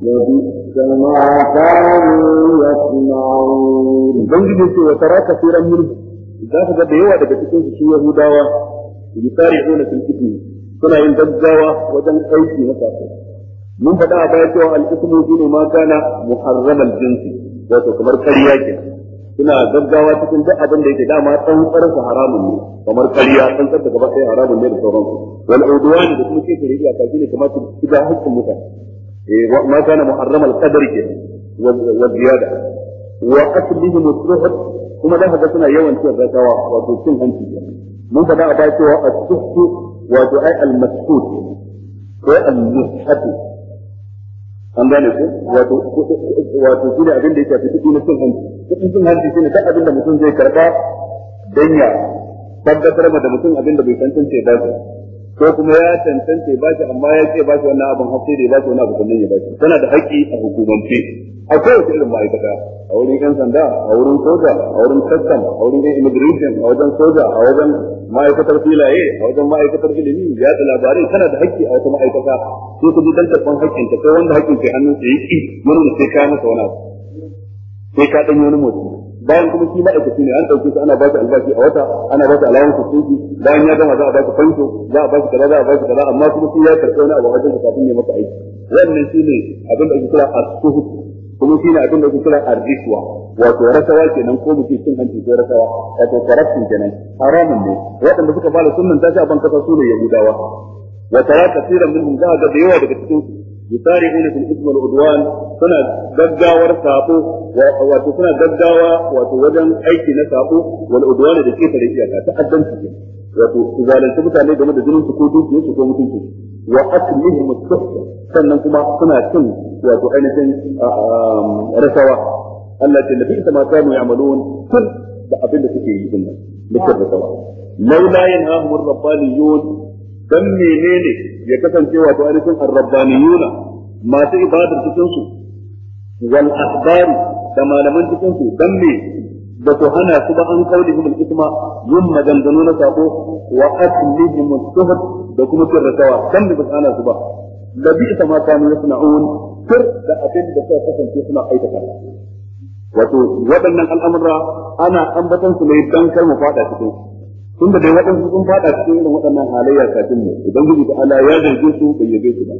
السحر ما كانوا يصنعون. وترى كثيرا منهم za ka ga da yawa daga cikin su Yahudawa yusari'una suna yin gaggawa wajen aiki na safe mun faɗa a baya cewa al-ithmu ne ma kana muharramal jinsi wato kamar kariya ke suna gaggawa cikin duk abin da yake dama tsantsar su haramun ne kamar kariya tsantsar da gaba ɗaya haramun ne da sauran su wal udwan da kuma ke kare iyaka shine kamar su kida hukun mutane eh ma kana muharram al qadar ke wa ziyada wa aslihim as kuma da haka suna yawan cin zakawa wato cin hanci mun da a dacewa as-suhd wato ai al-masfut ko al-mushatu an gane ko wato wato shi da abin da ya shafi kuɗi na cin hanci kuɗin cin hanci shine duk abin da mutum zai karɓa dan ya tabbatar da mutum abin da bai ce ba shi ko kuma ya tantance ba shi amma ya ce ba shi wannan abin hafi da ya ba shi wannan abin ya ba shi tana da haƙƙi a hukumance a kowace irin ma'aikata a wurin yan sanda a wurin soja a wurin kastam a wurin immigration a wajen soja a wajen ma'aikatar filaye a wajen ma'aikatar ilimi ya da labarai tana da haƙƙi a wata ma'aikata sai ku ji dantaban haƙƙin ta sai wanda haƙƙin ke hannun sa yake mun sai ka masa wani abu sai ka dan wani mutum bayan kuma shi ma'aikaci ne an ɗauke shi ana ba shi albashi a wata ana ba shi alayan kuɗi bayan ya gama za a ba shi fanto za a ba shi kaza za a ba shi kaza amma kuma shi ya karɓi wani abu wajen kafin ya masa aiki wannan shi ne abin da ake kira arsuhu kuma shi ne abin da ake kira arjishwa wato rasawa kenan ko muke cin hanci ko rasawa wato corruption kenan haramun ne waɗanda suka bada sunan tashi a ban kasa su ne yahudawa wa tara kasiran minhum za ga da yawa daga cikin yusari'una fil ismi wal udwan gaggawar sabo wato wato wajen aiki na sabo wal udwan da ke tare iyaka ta addanci wato su zalunta mutane game da jinin su ko dukiyar su ko mutunci wa aklihim as-suhta sannan kuma suna cin wato ainihin rasawa Allah ta nabi ta ma kanu ya'malun sun da abin da suke yi din nan dukkan rasawa dan menene ya kasance wato ainihin arrabbaniyuna masu ibadar cikin su wal ahbaru da malaman cikin su dan me da su hana su ba an kaulihim al isma yin maganganu na sako wa atlihim suhud da kuma kirratawa dan me ba hana su ba labi ta ma kanu yasna'un kir da abin da suka kasance suna aikata wato waɗannan al'amura ana ambatan su ne dan kar mu fada cikin su tunda dai waɗansu sun fada cikin irin waɗannan halayya kafin ne idan gudu ta ala ya zarge su bai yabe su ba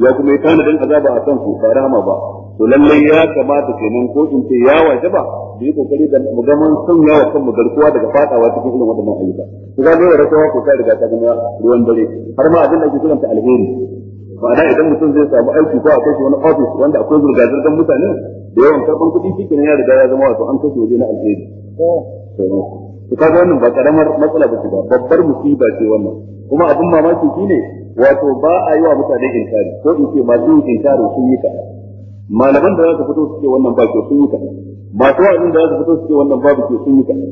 ya kuma yi tanadin azaba a kanku ba rahama ba to lallai ya kamata kenan ko in ce ya waje ba da yi kokari da mu gaman yawa kan mu garkuwa daga fadawa cikin irin waɗannan ayyuka ku ga dole rasawa ko ta riga ta zama ruwan dare har ma abin da ke kiranta alheri ma'ana idan mutum zai samu aiki ko a wani ofis wanda akwai zurga-zurgar mutane da yawan karban kuɗi shi kenan ya riga ya zama wato an kashe waje na alheri. to kaga wannan ba karamar matsala ba ba babbar musiba ce wannan kuma abin mamaki shine wato ba a yi wa mutane inkari ko in ce masu yin inkari sun yi kaɗan malaman da za su fito su ce wannan ba ke sun yi kaɗan masu wa'azin da za su fito su ce wannan babu ke sun yi kaɗan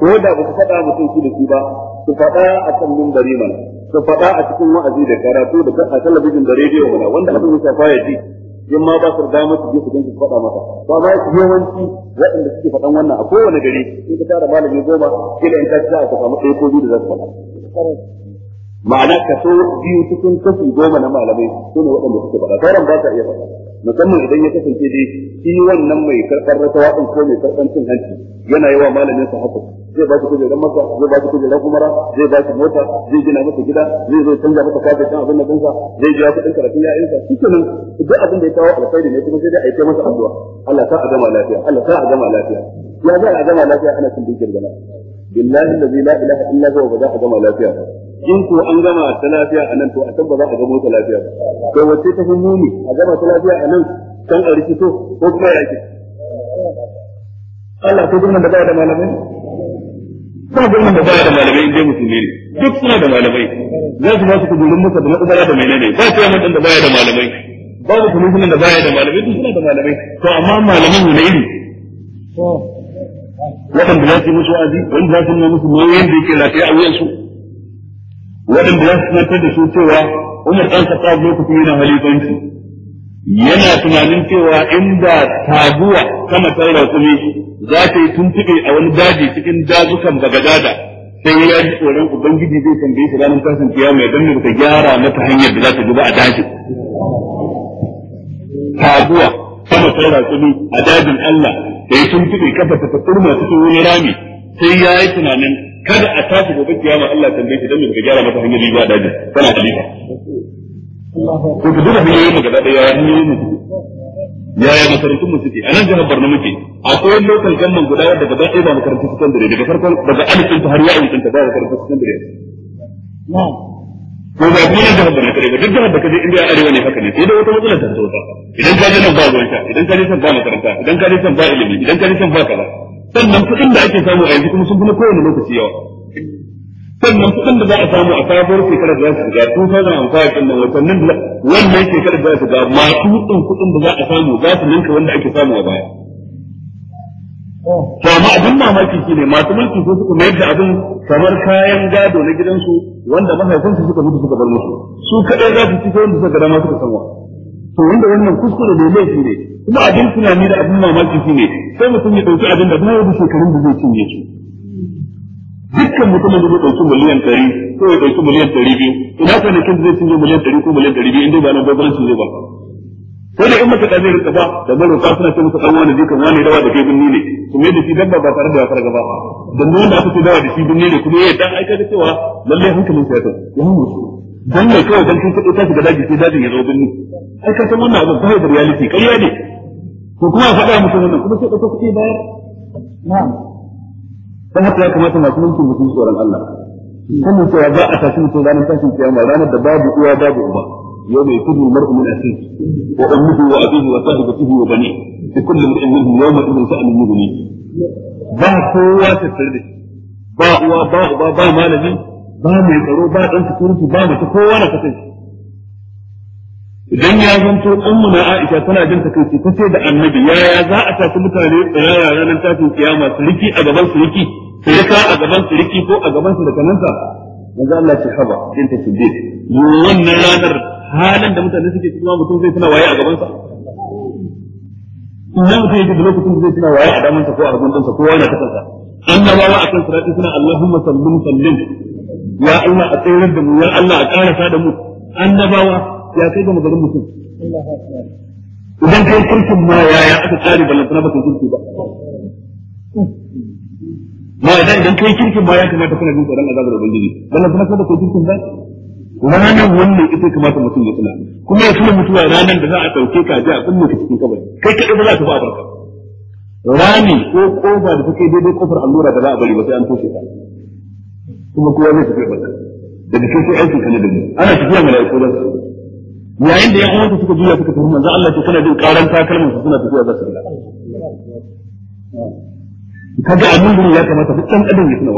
ko da ba su faɗa mutum shi da shi ba su faɗa a kan mimbari mana su faɗa a cikin wa'azi da karatu da a talabijin da rediyo mana wanda abin ya shafa ya ji in ma ba su da damar su je su dinga faɗa maka to amma yawanci waɗanda suke faɗan wannan a kowane gari in ka tara malami goma kila in ka ci ka samu ɗaya ko biyu da za su faɗa ma'ana so biyu cikin kashi goma na malamai su ne waɗanda suke faɗa sauran ba ka iya faɗa musamman idan ya kasance dai shi wannan mai karɓar rasawa ɗin ko mai karɓar cin hanci yana yi wa malamin sa haka zai ba shi kujerar masa zai ba shi kujerar kumara zai ba shi mota zai gina masa gida zai zo canza masa kafin kan abin da ɗinsa zai biya kuɗin karatun ya'yansa shi kenan duk abin da ya kawo alkhairi ne kuma sai dai a yi masa addu'a Allah ta a gama lafiya Allah ta a gama lafiya ya za a gama lafiya ana cin dukiyar gana billahi allazi la ilaha illa huwa ba za a gama lafiya in ko an gama ta lafiya a nan to a can ba za a gama ta lafiya ba to wace ta fi muni a gama ta lafiya a nan can a rikito ko kuma ya ke Allah ko gurin da ba da malamai ba gurin da ba da malamai indai musulmi ne duk suna da malamai za su ba su kudurin masa da matsala da mai nane ba su yamma da baya da malamai babu kuma da baya da malamai duk suna da malamai to amma malaman ne iri waɗanda za su yi musu azi wanda za su nuna musu nauyin da yake lafiya a wuyansu waɗanda ya sanar da su cewa Umar ɗan Khattab lokacin yana halifanci yana tunanin cewa inda taguwa sama ta raƙumi za ta yi tuntuɓe a wani daji cikin dazukan dada sai ya ji tsoron ubangiji zai tambaye shi ranar tashin kiyama ya don ta gyara mata hanyar da za ta gaba a dajin taguwa sama ta raƙumi a dajin Allah da ya tuntuɓe kafa ta ta cikin wani rami sai ya yi tunanin kada a tashi gobe kiyama Allah tambaye shi dan mu gyara masa hanyar riba daji kana khalifa ko ka duba hanyoyin mu gaba daya hanyoyin mu yaya makarantun mu suke anan jihar Borno muke akwai local government guda wadda gaba daya ba makarantun secondary daga farkon daga alifin ta har ya'in ta ba makarantun secondary ko ba kuma jihar Borno kare ba duk jihar da kaje inda arewa ne haka ne sai da wata matsala ta zo idan ka je nan ba ruwan idan ka je san ba makaranta idan ka je san ba ilimi idan ka je san ba kaza sannan kuɗin da ake samu a yanzu kuma sun fi na kowane lokaci yawa sannan kuɗin da za a samu a sabuwar shekarar da za su shiga tun sauran amfani kan nan watannin da wannan shekarar da za su shiga masu ɗin kuɗin da za a samu za su ninka wanda ake samu a baya. To amma abin mamaki shine ne masu mulki su suka mayar da abin kamar kayan gado na gidansu wanda mahaifansu suka mutu suka bar musu su kaɗai za su ci wanda suka gada suka sanwa. To wanda wannan kuskure ne laifi ne kuma abin tunani da abin mamaki shi ne sai mutum ya ɗauki abin da baya da shekarun da zai cinye su dukkan mutumin da zai ɗauki miliyan ɗari ko ya ɗauki miliyan ɗari biyu ina kwanakin da zai cinye miliyan ɗari ko miliyan ɗari biyu inda ba na gwagwaranci zai ba ko da in maka da zai rika ba da maroka suna ce masa ɗan wani jikan wani dawa da ke binni ne kuma yadda shi dabba ba tare da ya farga ba da mu wanda aka ce dawa da shi binni ne kuma ya dan aika da cewa lallai hankalin sa ya tafi ya mutu dan ne kawai dan kin kaɗai ta shiga daji sai dajin ya zo binni ai wannan abin ba da reality ƙarya ne to kuma ya faɗa mutum wannan kuma sai ɗauka kuke bayar na'am ta haka ya kamata masu mulki mutum tsoron Allah sannan cewa za a tashi mutum ranar tashin kiyama ranar da babu uwa babu uba يوم يفر المرء من أخيه وأمه وأبيه وصاحبته وبنيه لكل امرئ منهم يوم إذن شأن مغني ba kowa ta sirri ba uwa ba uba ba malami ba mai tsaro ba dan security ba mace kowa na kasance idan ya zanto ummu na Aisha tana jin takaici ta ce da annabi yaya za a tafi mutane tsayaya ranar tashin kiyama su riki a gaban su riki su rika a gaban su riki ko a gaban su da kanansa manzo Allah ce haba din ta siddiq wannan ranar halin da mutane suke cikin mutum zai tana waye a gaban sa idan mutum yake da lokacin zai tana waye a sa ko a sa, ko wani ta kansa annabawa akan sirati suna Allahumma sallim sallim ya Allah a tsayar da mu ya Allah a karasa da mu annabawa ya kai ga magarin mutum idan kai kirkin ma yaya aka tsari ballantana ba ka kirki ba ma idan idan kai kirkin ma ya kamata kana jin tsoron azabar ubangiji ballantana ka ba ka kirkin ba ranar wannan ita kamata mutum ya tuna kuma ya tuna mutuwa ranar da za a ɗauke ka ji a kulle ka cikin kabari kai kaɗai ba za ta ba a barka rami ko kofa da take daidai ƙofar allura da za a bari ba sai an toshe ta kuma kowa zai tafi ba daga kai sai aiki ka ne da mu ana tafiya mala'iku da su yayin da ya uwanka suka juya suka tafi manzo Allah to kana jin karan takalman su suna tafiya za su gida kaga abin da ya kamata duk dan adam ya tuna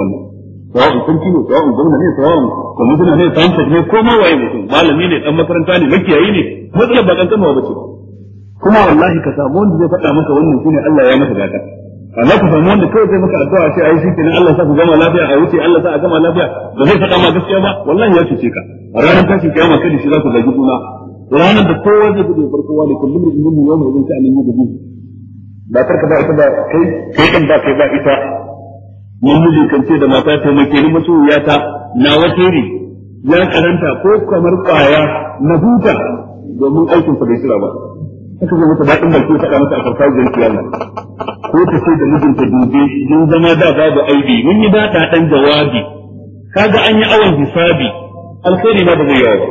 wannan sawa'un sarki ne sawa'un gwamna ne sawa'un kwamishina ne sawa'un ne ko ma waye mutum malami ne dan makaranta ne makiyayi ne matsalar ba kama ba ce kuma wallahi ka samu wanda zai faɗa maka wannan shine Allah ya masa gata amma ku samu wanda kawai zai maka addu'a sai ayi shikenan Allah sa ku gama lafiya a wuce Allah sa a gama lafiya ba zai faɗa ma gaskiya ba wallahi ya ce ka a ranar tashin kiyama kada shi za ku zagi juna ranar da kowa zai gudu farko wani kullum da zunubi yau mai zunta annabi da zunubi ba karka ba ita ba kai kai kan ba kai ba ita namiji kan ce da mata ta mace ni mutu ya ta na wace ne ya karanta ko kamar kwaya na huta domin aikin sa bai tsira ba haka zai mata daɗin baki ya faɗa mata a karfa zai kiyama ko ta sai da mijinta dube mun zama da babu aibi mun yi daɗa ɗan jawabi kaga an yi awon hisabi alkhairi ma ba zai yawa ba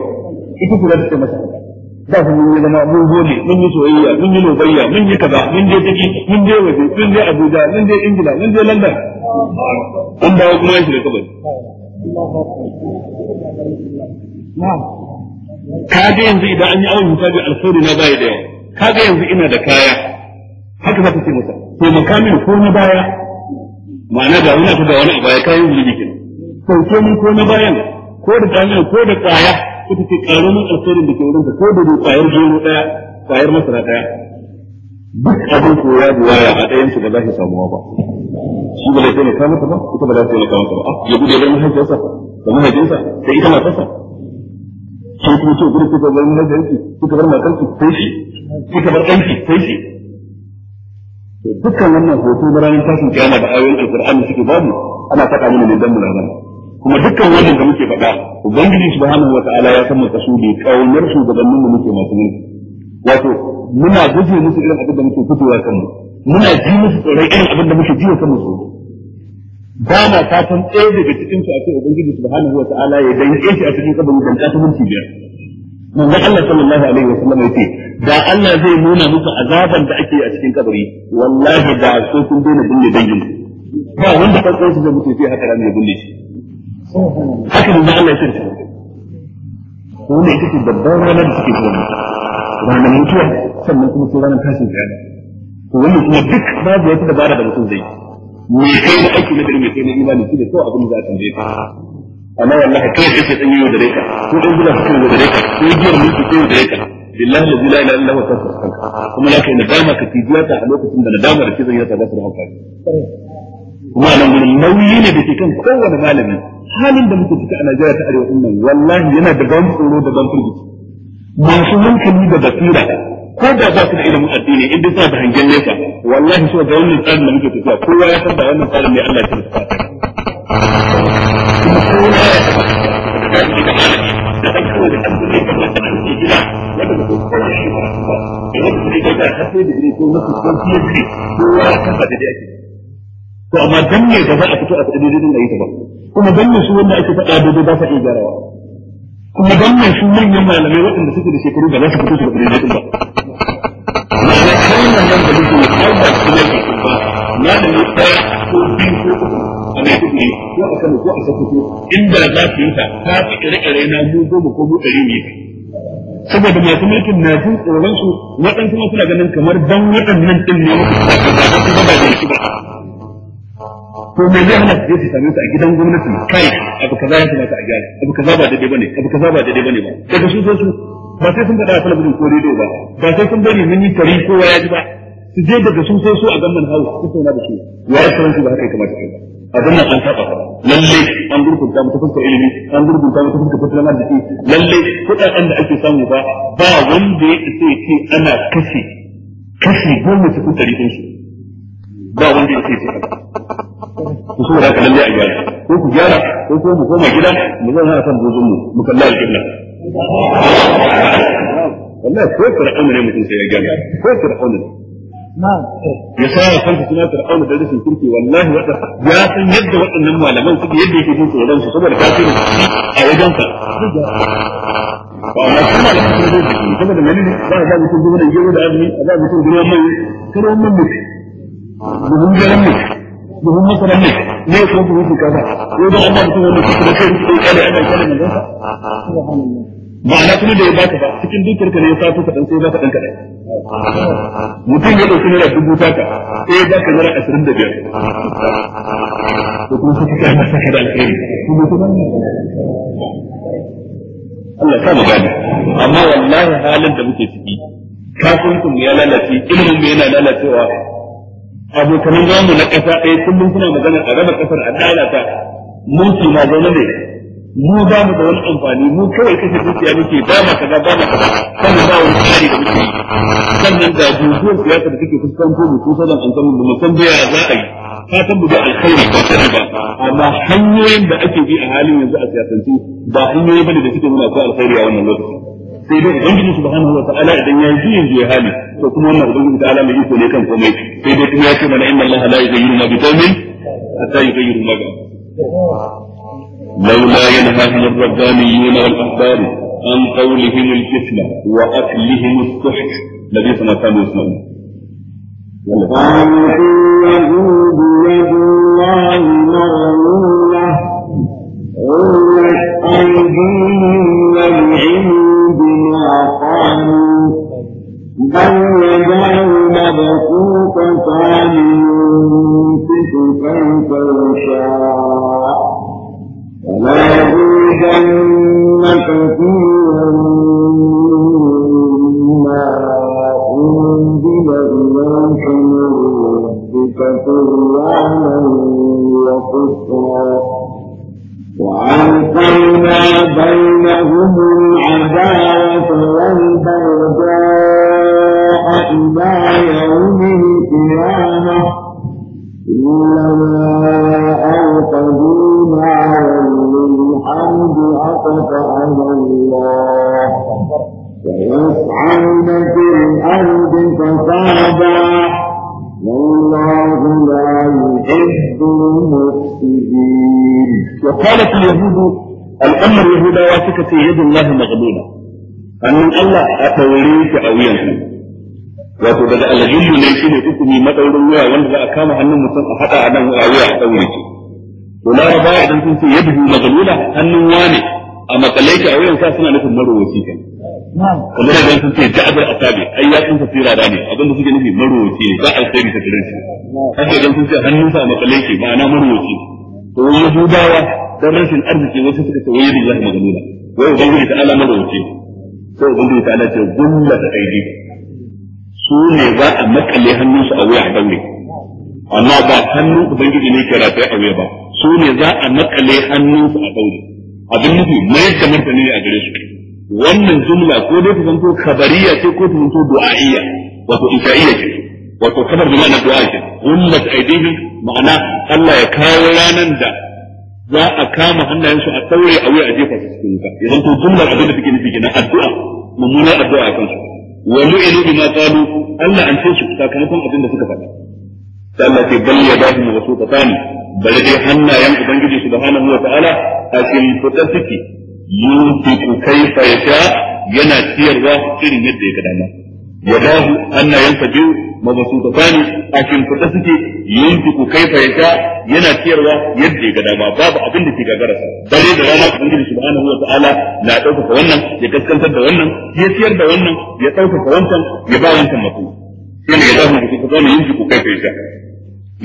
ita ce da ta ce masa da su mun yi zama mun gode mun yi soyayya mun yi lobayya mun yi kaza mun je ciki mun je waje mun je Abuja mun je Ingila mun je London an dawo kuma ya da kabari Ka ga yanzu idan an yi awon hisabi alkhairi na baya da yawa ga yanzu ina da kaya haka za ka ce masa to makamin ko na baya ma'ana da wani abu da wani a baya kayan zunubi kenan sauke mun ko na bayan ko da tsamin ko da kaya. ita ce karo min alkhairin da ke wurinka ko da kwayar gero daya kwayar masara daya duk abin ko ya buwaya a ɗayan shi ba za shi samuwa ba shi ba zai taimaka masa ba ita ba za ta taimaka masa ba ah, ya gudu bar mahaifiyarsa da mahaifinsa da ita matarsa shi kuma ce gudu kuka bar mahaifiyarki kuka bar matarki sai shi kuka bar ɗanki sai shi dukkan wannan hoto na ranar tashin kiyama da ayoyin alkur'ani suke babu ana faɗa mana ne dan mu kuma dukkan wannan da muke faɗa ubangiji subhanahu wataala ya san makasudi kaunar daga mu muke masu mulki wato muna guje musu irin abin da muke fitowa kanmu muna ji musu tsoron irin abin da muke ji wa kanmu tsoro ba ma fatan ɗaya daga cikin su a ubangiji subhanahu wataala ya danke shi a cikin kabari dan ta mulki biyar manzon Allah sallallahu alaihi wasallam yace da Allah zai nuna muku azaban da ake a cikin kabari wallahi da so kun daina binne dangin ba wanda farkon su zai mutu sai haka ranar binne shi haka mun Allah ya tsare wannan ita ce babbar rana da suke kuma ranar mutuwa sannan kuma sai ranar tashin kiyama to wannan kuma duk babu wata dabara da mutum zai me kai na aiki na dare me kai na imani shi da ko abin da za a tambaye ka amma wallahi kai kake tsanyi da reka ko dan gida kake da reka ko giyar mulki ko da reka billahi la ilaha illa huwa tasawwur kuma la kai nadama ka tijiyata a lokacin da nadama da kizan ya ta da hankali kuma nan gurin nauyi ne da ke kan kowane malami halin da muke ciki a Najeriya ta arewa din nan wallahi yana da ban tsoro da ban firgici masu hankali da basira ko da ba su da ilimin addini in suna da hangen nesa wallahi so ga wannan tsarin da muke tafiya kowa ya san da wannan tsarin ne Allah ya tsara Thank you. to amma dan ne da za a fito a faɗi daidai da ta ba kuma dan ne su wanda ake faɗa daidai ba sa iya gyarawa kuma dan ne su manyan malamai waɗanda suke da shekaru da za su fito su faɗi daidai ba ma'ana kalmar nan da muke har ba su ne ke ba malami ɗaya ko biyu ko uku a mai kuɗi ko a kano ko a sakuto inda za su yi ta ta fi ƙire-ƙire na mu goma ko mu ɗari ne saboda masu mulkin na jin tsoron su waɗansu masu suna ganin kamar dan waɗannan ɗin ne wata ba da su ba ko me zai hana su same su a gidan gwamnati ne kai abu kaza ya kamata a gyara abu kaza ba daidai bane abu kaza ba daidai bane ba daga su su ba sai sun faɗa a talabijin ko rediyo ba ba sai sun bari mun yi tari ko ya ji ba su je daga su sai su a gamman hawa su tauna da su ya yi sauransu ba haka ya kamata kai a dan nan an saba lalle an gurgunta mu ta fuskar ilimi an gurgunta mu ta fuskar tattalin arziki lalle kuɗaɗen da ake samu ba ba wanda ya ce ce ana kashe kashe goma cikin ɗari ɗinsu ba wanda ya ce ce ku so da kalle a gyara ko ku gyara ko ko mu koma gida mu zo hana kan bozon mu mu kalla alƙibla wallahi ko fir'auna ne mutum sai ya gyara ko fir'auna ya sa ya kanka fir'auna da rashin kirki wallahi wata ya san yadda waɗannan malaman suke yadda yake jin tsoron su saboda a wajen ka ba da mutum da a mutum mai domin mutanen ne ne ko su su kaza ko da Allah mutum ne su da kai ko kada ana ma'ana kuma da ya baka ba cikin ka ne ya sato kadan sai baka dan kadan mutum ya dauki naira dubu taka sai ya baka naira ashirin da biyar Da kuma sai ka masa kada alheri Allah ka mu amma wallahi halin da muke ciki kafin mu ya lalace ilimin mu yana lalacewa abokanan zamu na ƙasa ɗaya kullum suna magana a raba ƙasar a dalata mu su ma zaune ne mu ba mu da wani amfani mu kawai kashe dukiya muke ba ma kaza ba ma kaza sannan ba wani tsari da muke sannan da jujjuyar siyasa da take fuskanto mu su sanan an san mu san da za a yi ka san mu da alkhairi ba ta ba amma hanyoyin da ake bi a halin yanzu a siyasance ba hanyoyi bane da suke nuna ko alkhairi a wannan lokaci sai dai ubangiji subhanahu wa ta'ala idan ya yi juyin juya hali to kuma wannan ubangiji ta ala mai iko ne kan komai sai dai kuma ya ce mana inna allaha la yughayyiru ma bi qaumin hatta yughayyiru ma bi لولا ينهاهم الربانيون والأحبار عن قولهم الفتنة وأكلهم السحت لبئس ما كانوا يصنعون. قالوا اليهود يد الله مغلولة malamai sun ce ja'far asabi ai ya tsinsa sirara ne abinda suke nufi marowaci ne ba alkhairi ta tare shi haka idan sun ce hannunsa a makale ke ma'ana marowaci to yahudawa dan rashin arziki wasu suka ce wayi billahi magaluna wai ubangiji ta'ala marowaci sai ubangiji ta'ala ce gulla ta aiki. su ne za a makale hannun su a wuya a daure amma ba hannun ubangiji ne ke rataye a wuya ba su ne za a makale hannun su a daure abin nufi mai kamar ta ne a gare su wannan jumla ko dai ta zanto kabariya ce ko ta zanto du'a'iyya wato isha'iyya ce wato kabar da ma'ana du'a ce ummat aidihim ma'ana Allah ya kawo ranan da za a kama hannayensu a tsaure a wuya a jefa su cikin wuta ya zanto jumlar abin da take nufi kenan addu'a mummunar addu'a kan su wa lu'inu bima qalu Allah an ce su sakamakon abin da suka faɗa sai Allah ce bal yadahu mabsuutatan bal dai hannayen ubangiji subhanahu wa ta'ala a cikin fita yunfiqu kayfa yasha yana ciyarwa irin yadda ya dama yadahu anna yanfaju mabsutatani akin kuta suke yunfiqu kayfa yasha yana ciyarwa yadda ya dama babu abin da ke gagara sa dare da rana ubangiji subhanahu wa ta'ala na dauka wannan ya kaskantar da wannan ya ciyar da wannan ya dauka wancan ya ba wancan mutu shine yadahu mabsutatani yunfiqu kayfa yasha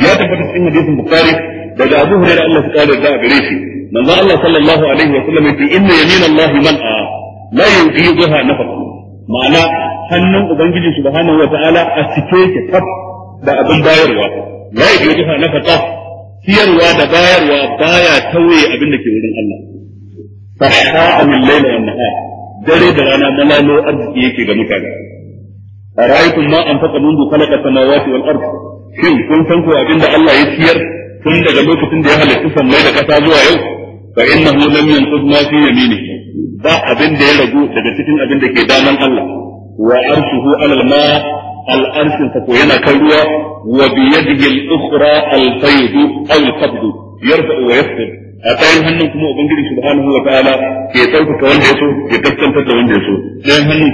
ya tabbata cikin hadisin bukhari daga abu hurairah Allah ya kare da gare shi manzo Allah sallallahu alaihi wa sallam yace inna yaminallahu Allah man a la yughidha nafaqa ma'ana hannun ubangiji subhanahu wa ta'ala a cike ke kaf da abin bayarwa la yughidha nafaqa siyarwa da bayarwa baya tauye abin da ke wurin Allah saha'a min layla dare da rana arziki yake ga mutane أرأيتم ما أنفق منذ خلق السماوات والأرض shin kun san ko abinda Allah ya ciyar tun daga lokacin da ya halarci sammai da kasa zuwa yau Ka innahu lam yanqud ma fi yaminihi ba abin ya ragu daga cikin abinda da ke daman Allah wa arshuhu alal ma al yana kan ruwa wa bi yadihi al ukhra al fayd aw al qabd yarfa a tsayin hannun kuma ubangiji subhanahu wa ta'ala ke ɗaukaka wanda ya so ya kaskantar da wanda ya so tsayin hannun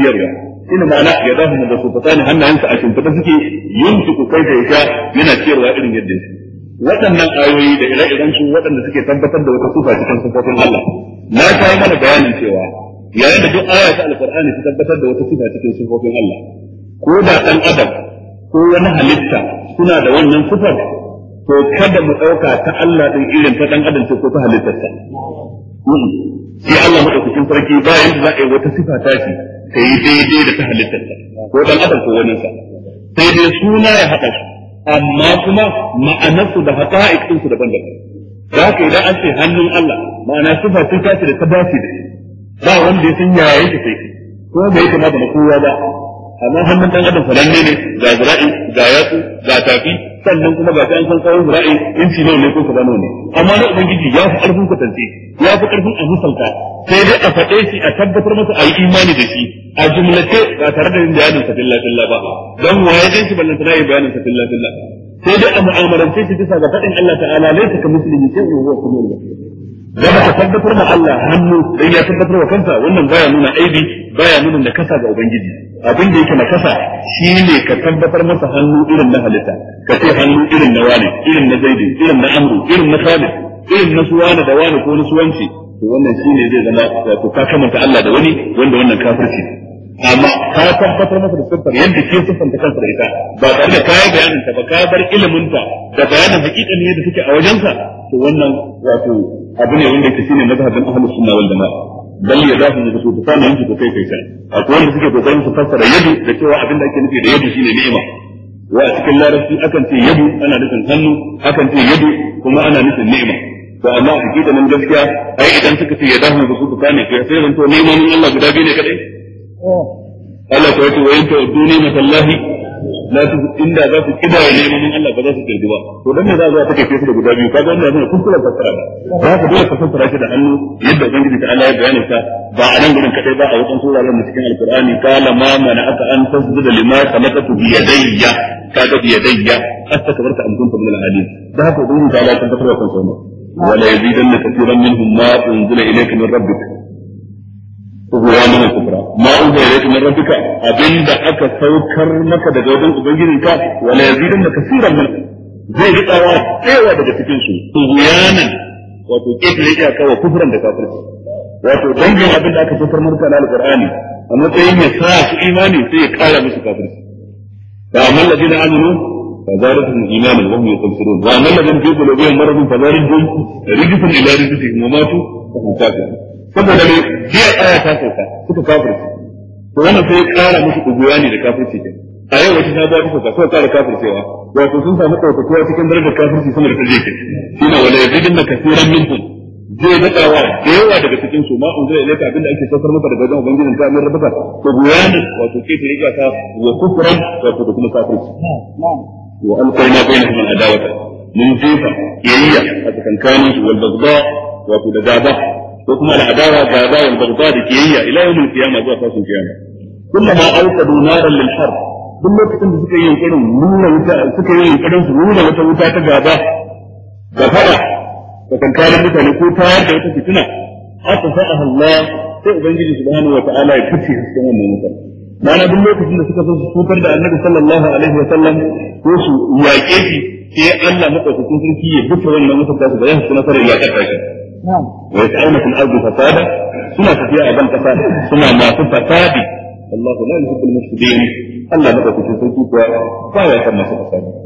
siyarwa ina ma'ana ya da su fatani hannayensa a suke yin su kai ya yana siyarwa irin yadda ya waɗannan ayoyi da ire-iren su waɗanda suke tabbatar da wata sufa cikin sufofin Allah na ta yi mana bayanin cewa yayin da duk aya ta alqur'ani ta tabbatar da wata sufa cikin sufofin Allah ko da ɗan adam ko wani halitta suna da wannan sifar to kada mu ɗauka ta Allah ɗin irin ta ɗan adam ce ko ta halittarsa sai Allah madaukakin sarki bayan da za a yi wata sifa ta shi ta yi daidai da ta halittarsa ko ɗan adam ko wani sa sai dai suna ya haɗa su amma kuma ma'anarsu da haƙa'iq din su daban-daban da idan an ce hannun Allah ma'ana sifa sun ta da ta su da ba wanda ya san yaya yake sai ko bai kama da kowa ba amma hannun ɗan adam sananne ne ga zira'i ga yatsu ga tafi sannan kuma ga an san tsawon zura'i inci nawa ne ko kaza nawa ne amma na ubangiji ya fi karfin kwatance ya fi karfin a misalta sai dai a faɗe shi a tabbatar masa a yi imani da shi a jumlace ba tare da yin bayanin sa billa billa ba don waye dai shi ballan na yin bayanin sa billa billa sai dai a mu'amalance shi bisa ga faɗin Allah ta'ala laisa ka musulmi sai huwa kuma da ba tabbatar da Allah hannu dan ya tabbatar wa kansa wannan baya nuna aibi baya nuna da kasa ga ubangiji abin da yake na kasa shine ka tabbatar masa hannu irin na halitta ka ce hannu irin na wani irin na zaidi irin na amru irin na khalid irin na suwana da wani ko na suwanci to wannan shine zai zama wato ka kamanta Allah da wani wanda wannan kafirci amma ka tabbatar masa da siffar yadda ke siffanta kansa da ita ba tare da kayan bayanin ta ba ka bar ilimin ta da bayanin ne da suke a wajensa to wannan wato abu ne wanda yake shine mazhabin ahlus sunna wal jamaa bal ya zafi ne su ta nan ko kai kai kai akwai wanda suke kokarin su fassara yadu da cewa abin da ake nufi da yadu shine ni'ima wa a cikin larabci akan ce yadu ana nufin hannu akan ce yadu kuma ana nufin ni'ima to amma a cikin nan gaskiya ai idan suka ce ya dahu su ta ne kai sai zan to neman Allah guda biyu ne kadai oh. Allah ta wato wayin ta duniya masallahi la su inda za su kida ne neman Allah ba za su kirgi ba to dan ne za a take su da guda biyu kaga wannan yana kuskuren fassara ba ka dole ka fassara shi da hannu yadda ubangiji ta Allah ya bayyana ta ba a nan gurin kadai ba a wajen suraren da cikin alqur'ani qala ma mana aka an tasjuda lima khalaqtu bi yadayya kaga bi yadayya astakbarta am kuntum min al-alim da haka ubangiji ta Allah ya tabbatar da kansa wala yazidanna katiran minhum ma unzila ilayka min rabbika Ruwanin kubra ma uba ya rage marar duka abinda aka saukar maka daga wajen ubangijinka wala yazidun maka siran min zai rika wa tsewa daga cikin su ruwanin wato ke ƙetare iyaka wa kufran da kafirci wato dangin abinda aka saukar maka na alqur'ani a matsayin ya sa su imani sai ya kara musu kafirci fa amal ladina amanu فزادتهم ايمانا وهم يستبشرون واما الذين في قلوبهم مرض فزادتهم رجسا الى رجسهم وماتوا وهم كافرون saboda mai jiya aya ta sauka suka kafirce to wannan sai ya kara musu kuguwani da kafirce din a yau wata sabuwa ta sauka suka kara kafircewa wato sun samu ɗaukakuwa cikin darajar kafirci sama da ta je kai shine wala yazidunna kaseeran minhum zai daɗawa da yawa daga cikin su ma unzila ilayka abinda ake saukar maka daga wajen ubangijin ta amin rabbaka to guyanin wato ke ta riga ta wa kufran wato da kuma kafirci wa alqaina bainahum al adawata mun jefa kiyayya a tsakankanin su wal bagda wato da gaba ko kuma al'adawa gaba wal bagba da kiyayya ila yawmil qiyamah zuwa tashin kiyama kullama awqadu naran lil harb duk lokacin da suka yi yunkurin nuna wuta suka yi yunkurin su nuna wata wuta ta gaba da fada da kankanin mutane ko tayar da wata fitina aka sa'a Allah sai ubangiji subhanahu wa ta'ala ya kace hasken wannan mutane mana duk lokacin da suka so su tutar da annabi sallallahu alaihi wa sallam ko su yaƙe shi sai Allah madaukakin sarki ya buta wannan mutane da ya hasuna sarai ya karɓa shi wa yas'aluna fil ardi fasada suna tafiya a ban kasa suna masu fasadi Allahu la yuhibbul mufsidin Allah maka kuce sarki kuwa ba ya san masu fasadi